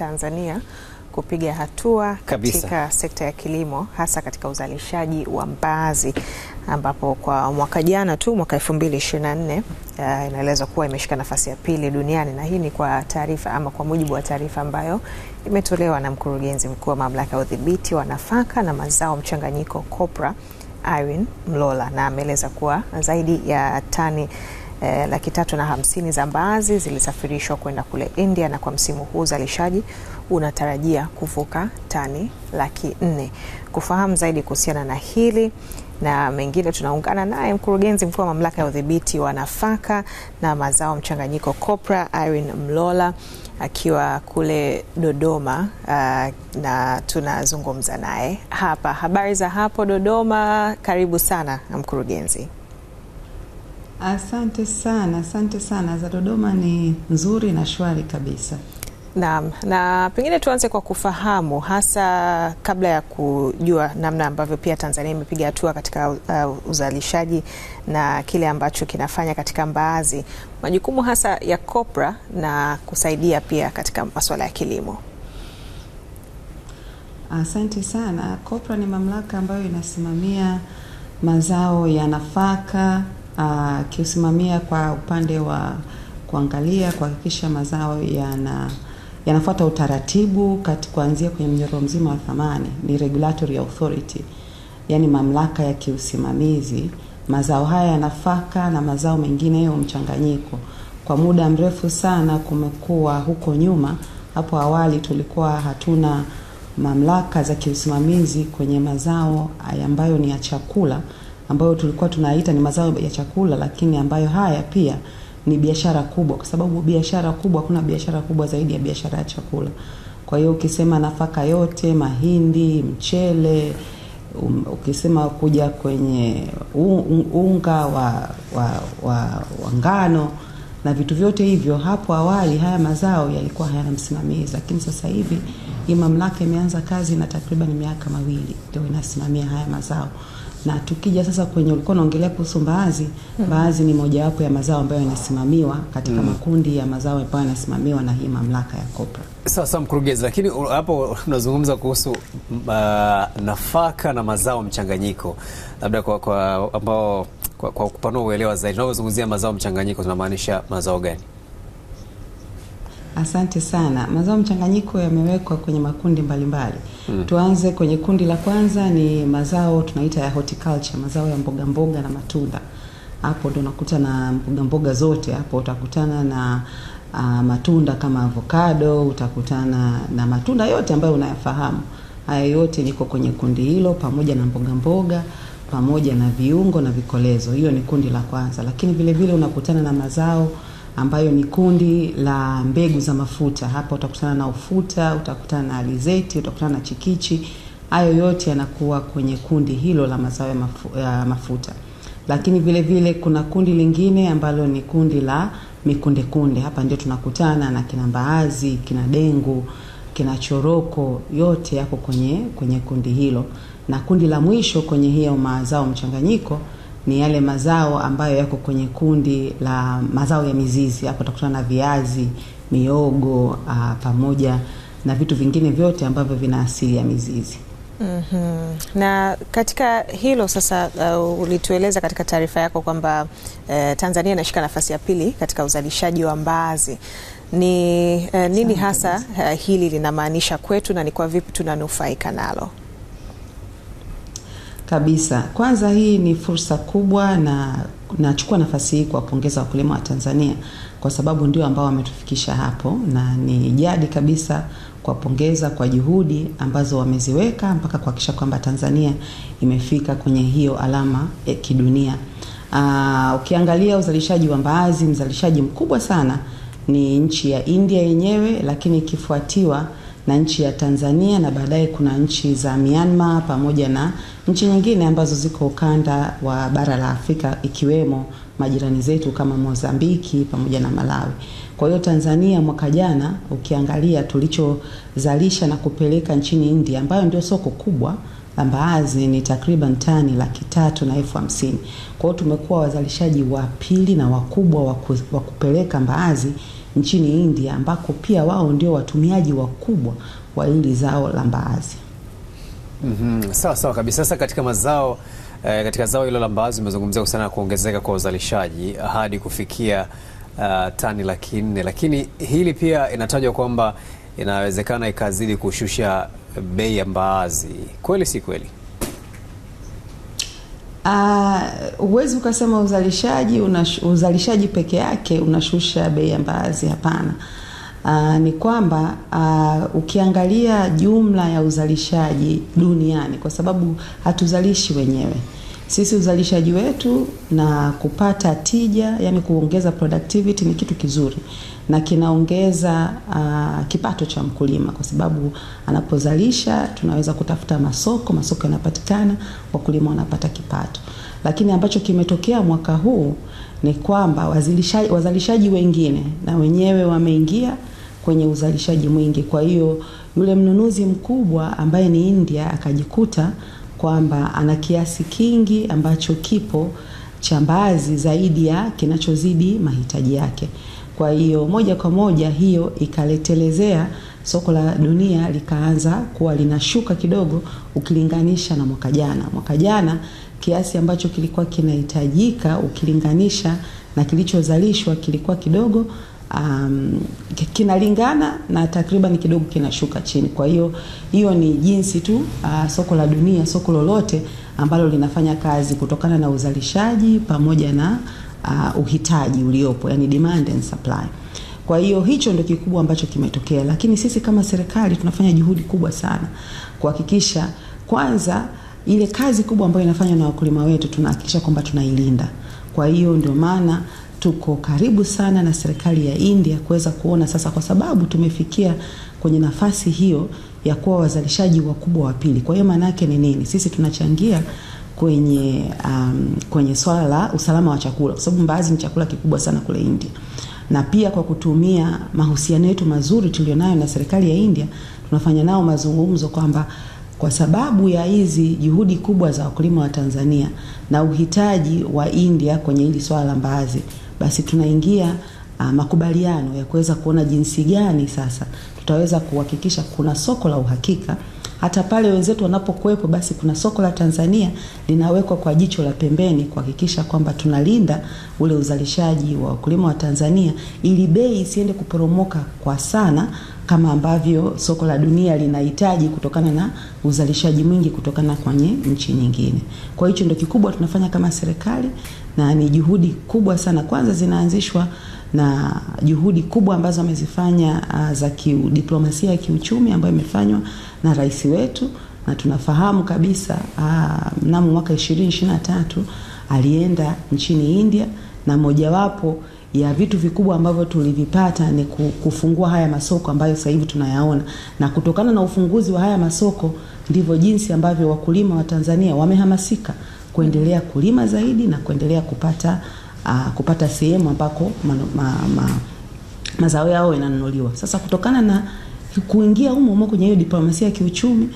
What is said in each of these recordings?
Tanzania kupiga hatua kabisa sekta ya kilimo hasa katika uzalishaji wa mbaazi ambapo kwa mwaka jana tu mwaka 2024 uh, eh, inaelezwa kuwa imeshika nafasi ya pili duniani, na hii ni kwa taarifa ama kwa mujibu wa taarifa ambayo imetolewa na mkurugenzi mkuu wa mamlaka ya udhibiti wa nafaka na mazao mchanganyiko COPRA Irene Mlola, na ameeleza kuwa zaidi ya tani eh, laki tatu na hamsini za mbaazi zilisafirishwa kwenda kule India na kwa msimu huu uzalishaji unatarajia kuvuka tani laki nne. Kufahamu zaidi kuhusiana na hili na mengine tunaungana naye mkurugenzi mkuu wa mamlaka ya udhibiti wa nafaka na mazao mchanganyiko COPRA, Irene Mlola akiwa kule Dodoma. Uh, na tunazungumza naye hapa. Habari za hapo Dodoma, karibu sana mkurugenzi. Asante sana, asante sana. Za Dodoma ni nzuri na shwari kabisa. Naam, na pengine tuanze kwa kufahamu hasa kabla ya kujua namna ambavyo pia Tanzania imepiga hatua katika uh, uzalishaji na kile ambacho kinafanya katika mbaazi, majukumu hasa ya kopra na kusaidia pia katika masuala ya kilimo. Asante sana. Kopra ni mamlaka ambayo inasimamia mazao ya nafaka akiusimamia kwa upande wa kuangalia kuhakikisha mazao yana yanafuata utaratibu kati kuanzia kwenye mnyororo mzima wa thamani, ni regulatory authority, yani mamlaka ya kiusimamizi mazao haya ya nafaka na mazao mengine yo mchanganyiko. Kwa muda mrefu sana kumekuwa huko nyuma, hapo awali tulikuwa hatuna mamlaka za kiusimamizi kwenye mazao ambayo ni ya chakula ambayo tulikuwa tunaita ni mazao ya chakula, lakini ambayo haya pia ni biashara kubwa, kwa sababu biashara kubwa, hakuna biashara kubwa zaidi ya biashara ya chakula. Kwa hiyo ukisema nafaka yote, mahindi, mchele, um, ukisema kuja kwenye unga wa, wa, wa, wa ngano na vitu vyote hivyo, hapo awali haya mazao yalikuwa hayana msimamizi, lakini sasa hivi hii mamlaka imeanza kazi na takriban miaka mawili ndio inasimamia haya mazao na tukija sasa kwenye ulikuwa unaongelea kuhusu mbaazi hmm. Mbaazi ni mojawapo ya mazao ambayo yanasimamiwa katika mm. makundi ya mazao ambayo yanasimamiwa na hii mamlaka ya kopra Sawa sawa, mkurugenzi, lakini hapo tunazungumza kuhusu uh, nafaka na mazao mchanganyiko, labda kwa kwa ambao kwa, kwa kupanua uelewa zaidi, unavyozungumzia mazao mchanganyiko tunamaanisha mazao gani? Asante sana. Mazao mchanganyiko yamewekwa kwenye makundi mbalimbali mbali. Hmm. Tuanze kwenye kundi la kwanza ni mazao tunaita ya horticulture, mazao ya mboga mboga na matunda. Hapo ndo unakuta na mboga mboga zote, hapo utakutana na uh, matunda kama avocado, utakutana na matunda yote ambayo unayafahamu. Haya yote niko kwenye kundi hilo pamoja na mboga mboga pamoja na viungo na vikolezo. Hiyo ni kundi la kwanza, lakini vile vile unakutana na mazao ambayo ni kundi la mbegu za mafuta. Hapa utakutana na ufuta, utakutana na alizeti, utakutana na chikichi. Hayo yote yanakuwa kwenye kundi hilo la mazao ya mafuta. Lakini vile vile kuna kundi lingine ambalo ni kundi la mikundekunde. Hapa ndio tunakutana na kina mbaazi, kina dengu, kina choroko, yote yako kwenye kwenye kundi hilo, na kundi la mwisho kwenye hiyo mazao mchanganyiko ni yale mazao ambayo yako kwenye kundi la mazao ya mizizi. Hapo utakutana na viazi, miogo a, ah, pamoja na vitu vingine vyote ambavyo vina asili ya mizizi. Mm -hmm. Na katika hilo sasa, uh, ulitueleza katika taarifa yako kwamba uh, Tanzania inashika nafasi ya pili katika uzalishaji wa mbaazi. Ni uh, nini hasa uh, hili linamaanisha kwetu na ni kwa vipi tunanufaika nalo? Kabisa, kwanza hii ni fursa kubwa, na nachukua nafasi hii kuwapongeza wakulima wa Tanzania kwa sababu ndio ambao wametufikisha hapo, na ni jadi kabisa kuwapongeza kwa juhudi ambazo wameziweka mpaka kuhakikisha kwamba Tanzania imefika kwenye hiyo alama ya kidunia. Aa, ah, ukiangalia uzalishaji wa mbaazi, mzalishaji mkubwa sana ni nchi ya India yenyewe, lakini ikifuatiwa na nchi ya Tanzania na baadaye kuna nchi za Myanmar pamoja na nchi nyingine ambazo ziko ukanda wa bara la Afrika ikiwemo majirani zetu kama Mozambiki pamoja na Malawi. Kwa hiyo Tanzania mwaka jana ukiangalia tulichozalisha na kupeleka nchini India ambayo ndio soko kubwa la mbaazi ni takriban tani laki tatu na elfu hamsini. Kwa hiyo tumekuwa wazalishaji wa pili na wakubwa wa kupeleka mbaazi nchini India ambako pia wao ndio watumiaji wakubwa wa hili zao la mbaazi. Mm -hmm. Sawa sawa kabisa. Sasa katika mazao eh, katika zao hilo la mbaazi umezungumzia kuhusiana na kuongezeka kwa uzalishaji hadi kufikia uh, tani laki nne, lakini hili pia inatajwa kwamba inawezekana ikazidi kushusha bei ya mbaazi, kweli si kweli? Uh, huwezi uh, ukasema uzalishaji unash, uzalishaji peke yake unashusha bei ya mbaazi. Hapana. Uh, ni kwamba uh, ukiangalia jumla ya uzalishaji duniani, kwa sababu hatuzalishi wenyewe sisi, uzalishaji wetu na kupata tija, yani kuongeza productivity ni kitu kizuri, na kinaongeza uh, kipato cha mkulima, kwa sababu anapozalisha tunaweza kutafuta masoko, masoko yanapatikana, wakulima wanapata kipato. Lakini ambacho kimetokea mwaka huu ni kwamba wazalishaji, wazalishaji wengine na wenyewe wameingia kwenye uzalishaji mwingi, kwa hiyo yule mnunuzi mkubwa ambaye ni India akajikuta kwamba ana kiasi kingi ambacho kipo cha mbaazi zaidi ya kinachozidi mahitaji yake. Kwa hiyo moja kwa moja hiyo ikaletelezea soko la dunia likaanza kuwa linashuka kidogo ukilinganisha na mwaka jana. Mwaka jana kiasi ambacho kilikuwa kinahitajika ukilinganisha na kilichozalishwa kilikuwa kidogo um, kinalingana na takriban kidogo kinashuka chini. Kwa hiyo hiyo ni jinsi tu uh, soko la dunia, soko lolote ambalo linafanya kazi kutokana na uzalishaji pamoja na uh, uhitaji uliopo, yani demand and supply. Kwa hiyo hicho ndio kikubwa ambacho kimetokea, lakini sisi kama serikali tunafanya juhudi kubwa sana kuhakikisha kwanza ile kazi kubwa ambayo inafanywa na wakulima wetu tunahakikisha kwamba tunailinda. Kwa hiyo ndio maana tuko karibu sana na serikali ya India kuweza kuona sasa, kwa sababu tumefikia kwenye nafasi hiyo ya kuwa wazalishaji wakubwa wa pili. Kwa hiyo maana yake ni nini? Sisi tunachangia kwenye, um, kwenye swala la usalama wa chakula kwa sababu mbaazi ni chakula kikubwa sana kule India, na pia kwa kutumia mahusiano yetu mazuri tulionayo na serikali ya India, tunafanya nao mazungumzo kwamba kwa sababu ya hizi juhudi kubwa za wakulima wa Tanzania na uhitaji wa India kwenye hili swala la mbaazi, basi tunaingia uh, makubaliano ya kuweza kuona jinsi gani sasa tutaweza kuhakikisha kuna soko la uhakika hata pale wenzetu wanapokuwepo, basi kuna soko la Tanzania linawekwa kwa jicho la pembeni kuhakikisha kwamba tunalinda ule uzalishaji wa wakulima wa Tanzania ili bei isiende kuporomoka kwa sana kama ambavyo soko la dunia linahitaji kutokana na uzalishaji mwingi kutokana kwenye nchi nyingine. Kwa hicho ndio kikubwa tunafanya kama serikali, na ni juhudi kubwa sana kwanza zinaanzishwa na juhudi kubwa ambazo amezifanya uh, za kidiplomasia ya kiuchumi ambayo imefanywa na rais wetu, na tunafahamu kabisa uh, mnamo mwaka 2023 alienda nchini India na mojawapo ya vitu vikubwa ambavyo tulivipata ni kufungua haya masoko ambayo sasa hivi tunayaona, na kutokana na ufunguzi wa haya masoko ndivyo jinsi ambavyo wakulima wa Tanzania wamehamasika kuendelea kulima zaidi na kuendelea kupata uh, kupata sehemu ambako ma, ma, ma, mazao yao yananunuliwa. Sasa kutokana na kuingia humo humo kwenye hiyo diplomasia ya kiuchumi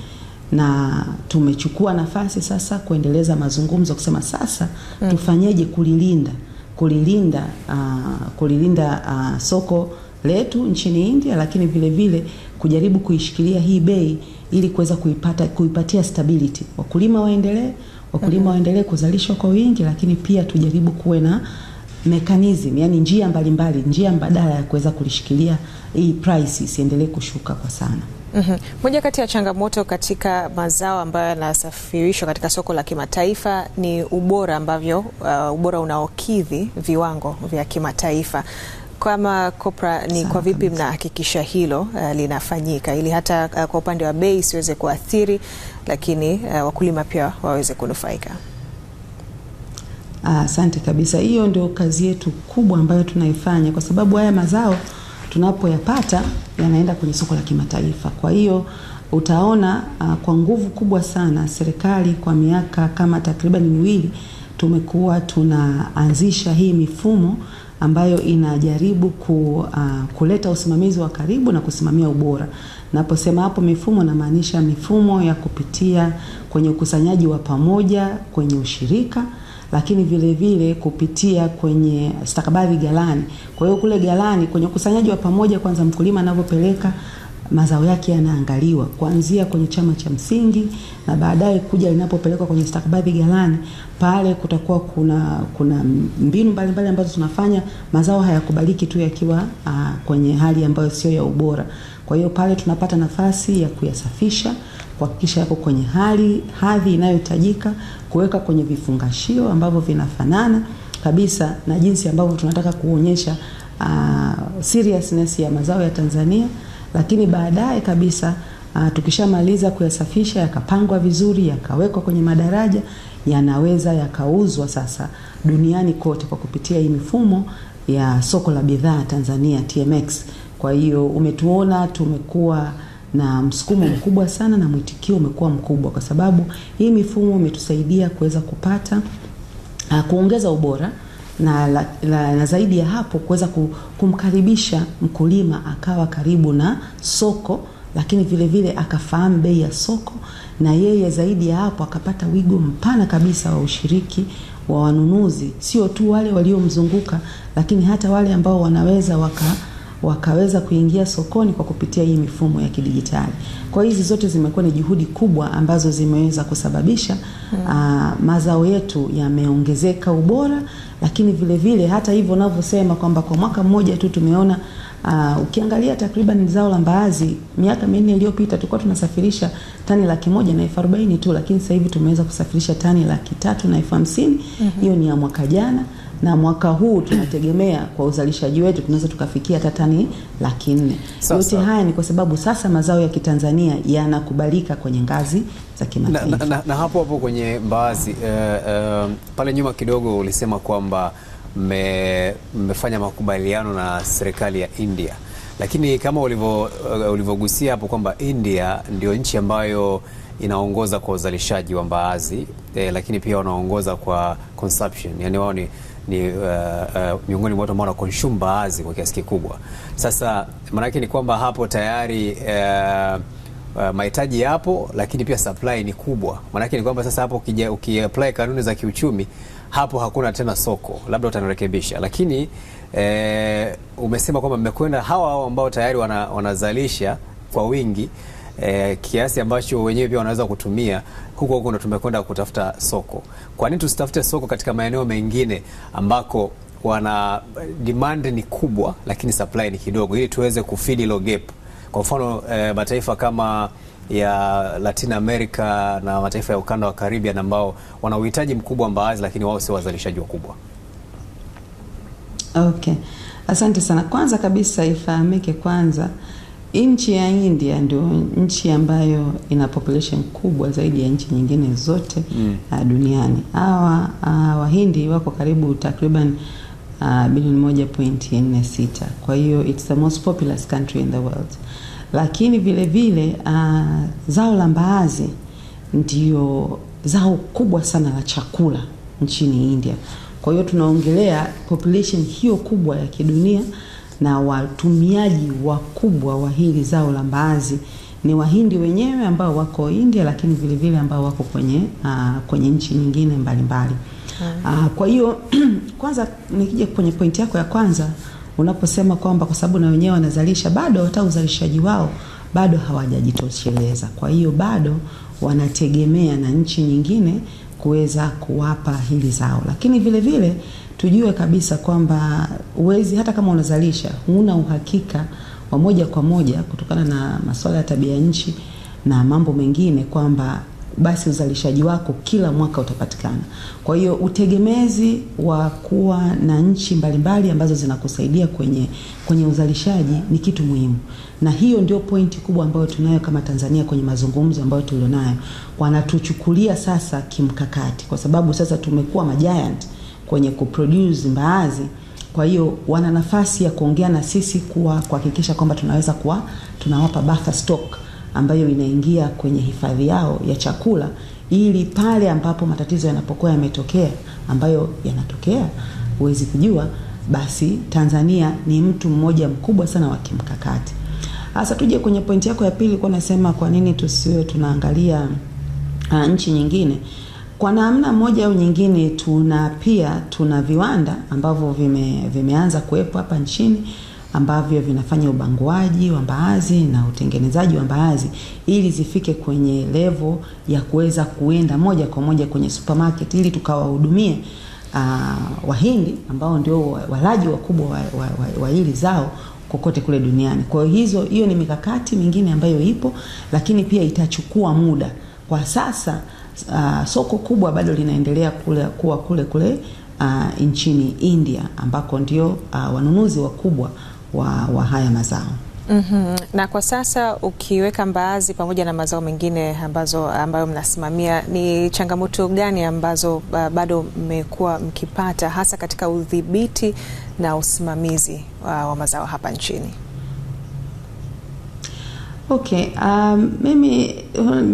na tumechukua nafasi sasa kuendeleza mazungumzo kusema sasa mm. tufanyeje kulilinda kulilinda uh, kulilinda uh, soko letu nchini India, lakini vile vile kujaribu kuishikilia hii bei ili kuweza kuipata kuipatia stability, wakulima waendelee, wakulima waendelee kuzalishwa kwa wingi, lakini pia tujaribu kuwe na mechanism yani njia mbalimbali mbali, njia mbadala ya kuweza kulishikilia hii price isiendelee kushuka kwa sana. Mm -hmm. Moja kati ya changamoto katika mazao ambayo yanasafirishwa katika soko la kimataifa ni ubora ambavyo uh, ubora unaokidhi viwango vya kimataifa kama COPRA ni kwa vipi mnahakikisha hilo uh, linafanyika ili hata uh, kwa upande wa bei isiweze kuathiri, lakini uh, wakulima pia waweze kunufaika? Asante uh, kabisa. Hiyo ndio kazi yetu kubwa ambayo tunaifanya, kwa sababu haya mazao tunapoyapata yanaenda kwenye soko la kimataifa. Kwa hiyo utaona uh, kwa nguvu kubwa sana serikali kwa miaka kama takriban miwili tumekuwa tunaanzisha hii mifumo ambayo inajaribu ku, uh, kuleta usimamizi wa karibu na kusimamia ubora. Naposema hapo mifumo, namaanisha mifumo ya kupitia kwenye ukusanyaji wa pamoja kwenye ushirika lakini vile vile kupitia kwenye stakabadhi ghalani. Kwa hiyo kule ghalani kwenye ukusanyaji wa pamoja, kwanza mkulima anavyopeleka mazao yake yanaangaliwa kuanzia kwenye chama cha msingi na baadaye kuja linapopelekwa kwenye stakabadhi galani pale kutakuwa kuna kuna mbinu mbalimbali ambazo tunafanya. Mazao hayakubaliki tu yakiwa ah, kwenye hali ambayo sio ya ubora. Kwa hiyo pale tunapata nafasi ya kuyasafisha kuhakikisha yako kwenye hali hadhi inayohitajika, kuweka kwenye vifungashio ambavyo vinafanana kabisa na jinsi ambavyo tunataka kuonyesha uh, seriousness ya mazao ya Tanzania lakini baadaye kabisa uh, tukishamaliza kuyasafisha yakapangwa vizuri yakawekwa kwenye madaraja yanaweza yakauzwa sasa duniani kote kwa kupitia hii mifumo ya soko la bidhaa Tanzania TMX. Kwa hiyo umetuona tumekuwa na msukumo mkubwa sana na mwitikio umekuwa mkubwa, kwa sababu hii mifumo imetusaidia kuweza kupata uh, kuongeza ubora na, la, la, na zaidi ya hapo kuweza kumkaribisha mkulima akawa karibu na soko, lakini vile vile akafahamu bei ya soko, na yeye zaidi ya hapo akapata wigo mpana kabisa wa ushiriki wa wanunuzi, sio tu wale waliomzunguka, lakini hata wale ambao wanaweza waka wakaweza kuingia sokoni kwa kupitia hii mifumo ya kidijitali. Kwa hiyo hizi zote zimekuwa ni juhudi kubwa ambazo zimeweza kusababisha mm. aa, ah, mazao yetu yameongezeka ubora, lakini vile vile hata hivyo unavyosema kwamba kwa mwaka mmoja tu tumeona Uh, ukiangalia takriban zao la mbaazi miaka minne iliyopita tulikuwa tunasafirisha tani laki moja na elfu arobaini tu, lakini sasa hivi tumeweza kusafirisha tani laki tatu na elfu hamsini. Hmm. Hiyo mm -hmm. ni ya mwaka jana na mwaka huu tunategemea kwa uzalishaji wetu tunaweza tukafikia hata tani laki nne. So, yote so, haya ni kwa sababu sasa mazao ya Kitanzania yanakubalika kwenye ngazi za kimataifa na, na, na, na hapo hapo kwenye mbaazi uh, uh, pale nyuma kidogo ulisema kwamba mmefanya me, makubaliano na serikali ya India lakini kama eh, ulivyogusia uh, hapo kwamba India ndio nchi ambayo inaongoza kwa uzalishaji wa mbaazi eh, lakini pia wanaongoza kwa consumption, yani wao ni ni uh, uh, miongoni mwa watu ambao wanakonsume baadhi kwa kiasi kikubwa. Sasa maanake ni kwamba hapo tayari uh, Uh, mahitaji yapo lakini pia supply ni kubwa. Maanake ni kwamba sasa hapo ukiapply kanuni za kiuchumi hapo hakuna tena soko, labda utanirekebisha, lakini eh, umesema kwamba mmekwenda hawa hao ambao tayari wana, wanazalisha kwa wingi eh, kiasi ambacho wenyewe pia wanaweza kutumia huko huko, ndo tumekwenda kutafuta soko. Kwa nini tusitafute soko katika maeneo mengine ambako wana eh, demand ni kubwa lakini supply ni kidogo, ili tuweze kufill hilo gap? Kwa mfano eh, mataifa kama ya Latin America na mataifa ya ukanda wa Caribbean ambao wana uhitaji mkubwa mbaazi, lakini wao sio wazalishaji wakubwa. Okay, asante sana. Kwanza kabisa ifahamike kwanza Nchi ya India ndio nchi ambayo ina population kubwa zaidi ya nchi nyingine zote mm. Ah, duniani. Hawa ah, Wahindi wako karibu takriban ah, bilioni moja sita. Kwa hiyo it's the most populous country in the world, lakini vile vile uh, zao la mbaazi ndio zao kubwa sana la chakula nchini India. Kwa hiyo tunaongelea population hiyo kubwa ya kidunia na watumiaji wakubwa wa hili zao la mbaazi ni Wahindi wenyewe ambao wako India, lakini vile vile ambao wako kwenye uh, kwenye nchi nyingine mbalimbali mbali. Uh, ah, kwa hiyo kwanza nikija kwenye pointi yako ya kwanza unaposema kwamba kwa sababu na wenyewe wanazalisha bado, hata uzalishaji wao bado hawajajitosheleza. Kwa hiyo bado wanategemea na nchi nyingine kuweza kuwapa hili zao, lakini vile vile tujue kabisa kwamba uwezi, hata kama unazalisha, huna uhakika wa moja kwa moja kutokana na masuala ya tabia nchi na mambo mengine kwamba basi uzalishaji wako kila mwaka utapatikana. Kwa hiyo utegemezi wa kuwa na nchi mbalimbali ambazo zinakusaidia kwenye, kwenye uzalishaji ni kitu muhimu, na hiyo ndio pointi kubwa ambayo tunayo kama Tanzania kwenye mazungumzo ambayo tulionayo, wanatuchukulia sasa kimkakati, kwa sababu sasa tumekuwa majiant kwenye kuproduce mbaazi. Kwa hiyo wana nafasi ya kuongea na sisi kuwa kuhakikisha kwamba tunaweza kuwa tunawapa buffer stock ambayo inaingia kwenye hifadhi yao ya chakula ili pale ambapo matatizo yanapokuwa yametokea ambayo yanatokea huwezi kujua, basi Tanzania ni mtu mmoja mkubwa sana wa kimkakati. Sasa tuje kwenye pointi yako ya pili, kwa nasema kwa nini tusiwe tunaangalia uh, nchi nyingine. Kwa namna moja au nyingine, tuna pia tuna viwanda ambavyo vime, vimeanza kuwepo hapa nchini ambavyo vinafanya ubanguaji wa mbaazi na utengenezaji wa mbaazi ili zifike kwenye levo ya kuweza kuenda moja kwa moja kwenye supermarket ili tukawahudumie uh, Wahindi ambao ndio walaji wakubwa wa, wa, wa, wa hili zao kokote kule duniani. Kwa hizo hiyo ni mikakati mingine ambayo ipo, lakini pia itachukua muda kwa sasa uh, soko kubwa bado linaendelea kule, kuwa kule kule uh, nchini India ambako ndio uh, wanunuzi wakubwa wa, wa haya mazao. Mm -hmm. Na kwa sasa ukiweka mbaazi pamoja na mazao mengine ambazo ambayo mnasimamia, ni changamoto gani ambazo uh, bado mmekuwa mkipata hasa katika udhibiti na usimamizi uh, wa mazao hapa nchini? Okay, um, mimi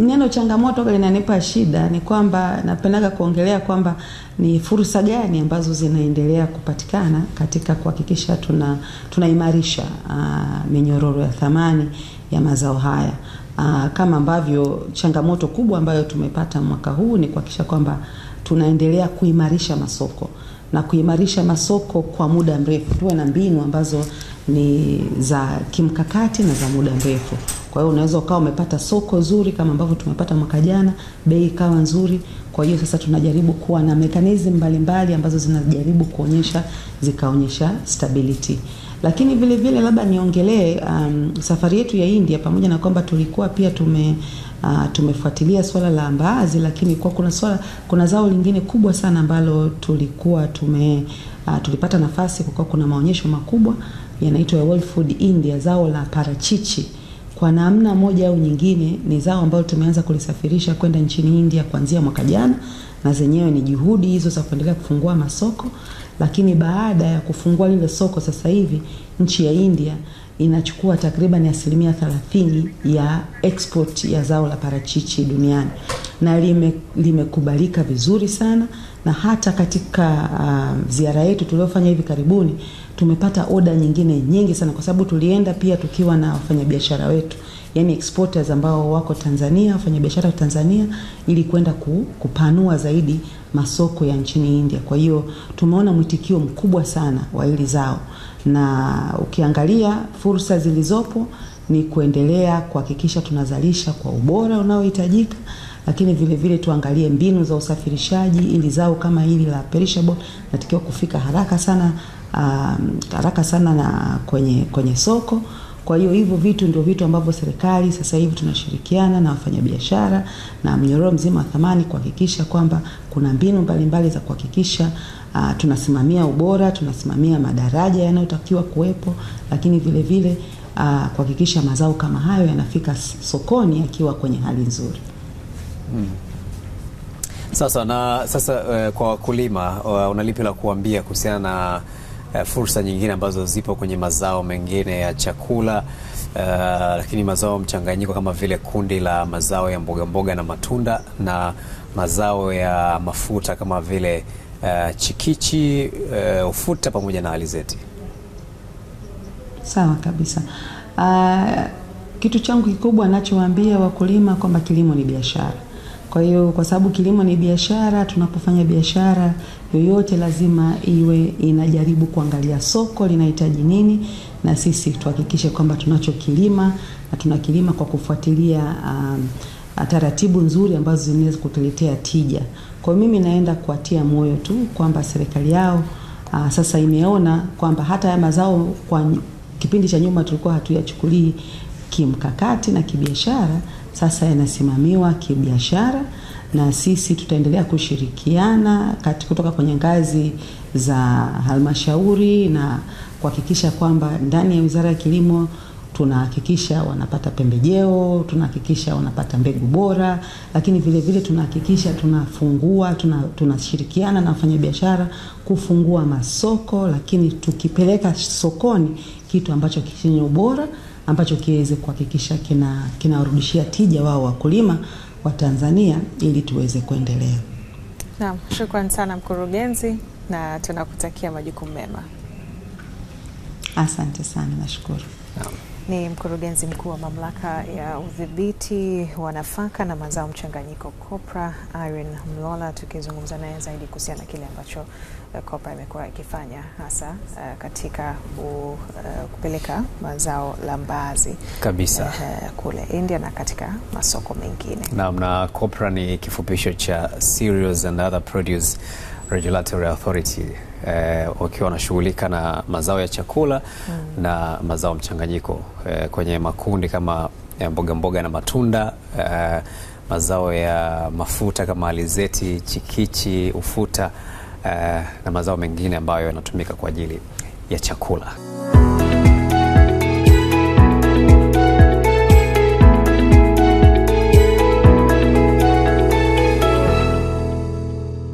neno changamoto linanipa shida ni kwamba napendaga kuongelea kwamba ni fursa gani ambazo zinaendelea kupatikana katika kuhakikisha tuna tunaimarisha uh, minyororo ya thamani ya mazao haya. Uh, kama ambavyo changamoto kubwa ambayo tumepata mwaka huu ni kuhakikisha kwamba tunaendelea kuimarisha masoko na kuimarisha masoko kwa muda mrefu, tuwe na mbinu ambazo ni za kimkakati na za muda mrefu. Kwa hiyo unaweza ukawa umepata soko zuri kama ambavyo tumepata mwaka jana, bei ikawa nzuri. Kwa hiyo sasa tunajaribu kuwa na mekanizmu mbalimbali ambazo zinajaribu kuonyesha zikaonyesha stability lakini vile vile labda niongelee um, safari yetu ya India, pamoja na kwamba tulikuwa pia tume uh, tumefuatilia swala la mbaazi, lakini kwa kuna swala, kuna zao lingine kubwa sana ambalo tulikuwa tume uh, tulipata nafasi kwa kuna maonyesho makubwa yanaitwa World Food India, zao la parachichi kwa namna moja au nyingine ni zao ambalo tumeanza kulisafirisha kwenda nchini India kuanzia mwaka jana, na zenyewe ni juhudi hizo za kuendelea kufungua masoko. Lakini baada ya kufungua lile soko, sasa hivi nchi ya India inachukua takriban asilimia thelathini ya export ya zao la parachichi duniani na lime, limekubalika vizuri sana, na hata katika uh, ziara yetu tuliyofanya hivi karibuni tumepata oda nyingine nyingi sana, kwa sababu tulienda pia tukiwa na wafanyabiashara wetu, yani exporters ambao wako Tanzania, wafanyabiashara wa Tanzania, ili kwenda ku, kupanua zaidi masoko ya nchini India. Kwa hiyo tumeona mwitikio mkubwa sana wa hili zao, na ukiangalia fursa zilizopo ni kuendelea kuhakikisha tunazalisha kwa ubora unaohitajika, lakini vile vile tuangalie mbinu za usafirishaji ili zao kama hili la perishable natakiwa kufika haraka sana uh, haraka sana na kwenye, kwenye soko. Kwa hiyo hivyo vitu ndio vitu ambavyo serikali sasa hivi tunashirikiana na wafanyabiashara na mnyororo mzima wa thamani kuhakikisha kwamba kuna mbinu mbalimbali za kuhakikisha uh, tunasimamia ubora, tunasimamia madaraja yanayotakiwa kuwepo, lakini vile vile uh, kuhakikisha mazao kama hayo yanafika sokoni yakiwa kwenye hali nzuri. Hmm. Sasa na sasa uh, kwa wakulima uh, unalipi la kuambia kuhusiana na Eh, fursa nyingine ambazo zipo kwenye mazao mengine ya chakula uh, lakini mazao mchanganyiko kama vile kundi la mazao ya mboga mboga na matunda na mazao ya mafuta kama vile uh, chikichi uh, ufuta pamoja na alizeti. Sawa kabisa. Uh, kitu changu kikubwa nachowaambia wakulima kwamba kilimo ni biashara kwa hiyo kwa sababu kilimo ni biashara, tunapofanya biashara yoyote lazima iwe inajaribu kuangalia soko linahitaji nini, na sisi tuhakikishe kwamba tunachokilima na tunakilima kwa kufuatilia um, taratibu nzuri ambazo zinaweza kutuletea tija. Kwa hiyo mimi naenda kuwatia moyo tu kwamba serikali yao uh, sasa imeona kwamba hata haya mazao kwa kipindi cha nyuma tulikuwa hatuyachukulii kimkakati na kibiashara sasa yanasimamiwa kibiashara, na sisi tutaendelea kushirikiana kutoka kwenye ngazi za halmashauri na kuhakikisha kwamba ndani ya Wizara ya Kilimo tunahakikisha wanapata pembejeo, tunahakikisha wanapata mbegu bora, lakini vile vile tunahakikisha tunafungua, tunashirikiana tuna na wafanyabiashara kufungua masoko, lakini tukipeleka sokoni kitu ambacho kichenye ubora ambacho kiweze kuhakikisha kina kinawarudishia tija wao wakulima wa Tanzania ili tuweze kuendelea. Naam, shukrani sana mkurugenzi, na tunakutakia majukumu mema. Asante sana, nashukuru. Ni mkurugenzi mkuu wa mamlaka ya udhibiti wa nafaka na mazao mchanganyiko COPRA, Irene Mlola, tukizungumza naye zaidi kuhusiana na kile ambacho COPRA imekuwa ikifanya hasa eh, katika eh, kupeleka mazao la mbaazi kabisa eh, kule India na katika masoko mengine. Naam, na COPRA ni kifupisho cha Cereals and Other Produce Regulatory Authority wakiwa wanashughulika na mazao ya chakula mm, na mazao mchanganyiko eh, kwenye makundi kama mboga mboga na matunda eh, mazao ya mafuta kama alizeti, chikichi, ufuta Eh, na mazao mengine ambayo yanatumika kwa ajili ya chakula.